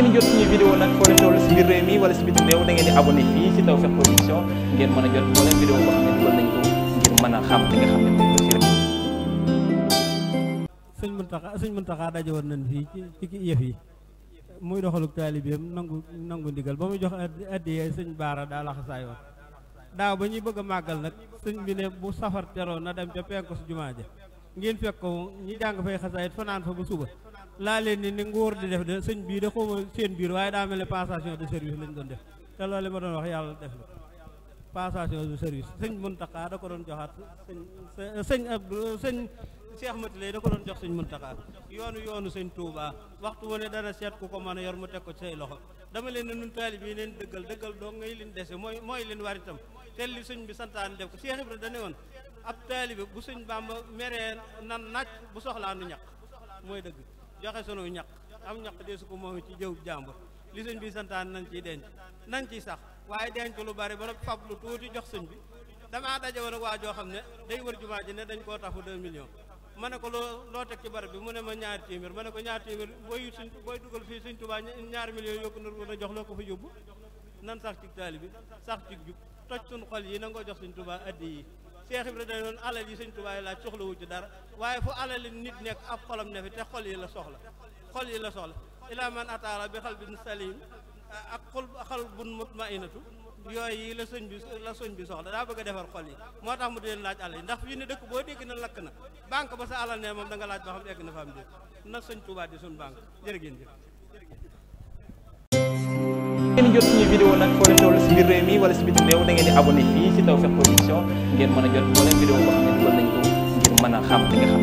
ngeen jot suñu vidéo nag foo leen toll fii a jot a xam li nga xam ne sëñ Muntaxa sëñ daje woon nañ fii ci ci yëf yi muy doxaluk taalibeem nangu nangu ndigal ba muy jox addiyee sëñ Baara daa laxasaay woon daaw ba ñuy bëgg a màggal nag sëñ bi ne bu safar teroo na dem ca penku su jumaa ja ngeen fekk ko ñi jàng fay xasaayit fanaan fa ba suba laa leen ni ni nguur di def de sëñ bii da xaw ma seen biir waaye daa mel ne passation de service lañ doon def te loolu li ma doon wax yàlla def na passation de service sëñ Muntaxa da ko doon joxaat sëñ sëñ Abdou sëñ Cheikh Matilay da ko doon jox sëñ Muntaxa yoonu yoonu sëñ Touba waxtu wu ne dana seet ku ko mën a yor mu teg ko ci say loxo dama leen ne nun taalib yi neen dëggal dëggal doo ngay leen dese mooy mooy leen war itam te li sëñ bi santaane def ko Cheikh Ibra dane woon ab taalibe bu sëñ Bàmba meree nan naaj bu soxlaa nu ñàkk mooy dëgg joxe sunu ñaq am ñaq de su ko moom ci jëw jàmbur li sëñ bi santaan nañ ciy denc nañ ciy sax waaye denc lu bari ba noppi fab lu tuuti jox sëñ bi damaa daje woon ak waa joo xam ne day wër jumaa ne dañ koo tafu 2 millions ma ne ko loo loo teg ci barab bi mu ne ma ñaari téeméer ma ne ko ñaari téeméer booy suñ booy dugal fii suñ tubaa ñaari millions yokku na ko jox loo ko fa yóbbu nan sax ci taali bi sax ci jub toj suñ xol yi nangoo jox suñ tubaa addi yi Cheikh Ibra day noonu alal yi sëñ Tuubaa laaj soxlawu ci dara waaye fu alali nit nekk ab xolam ne fi te xol yi la soxla xol yi la soxla ilaa man ataala bi xalbin salim ak xol xalbun mutmainatu yooyu yi la sëñ bi la sëñ bi soxla daa bëgg a defar xol yi moo tax mu di leen laaj alal yi ndax fii ne dëkk boo dégg na lakk na banque ba sa alal ne moom da nga laaj ba xam egg na fa am dé na sëñ Tuubaa di suñ banque jërë ngeen jëf ngeen jot suñu vidéo nag foo leen toll si biir réew wala si biti ngeen di abonné si Tawfekh Production ngeen mën a jot moo leen vidéo boo xam ne dugal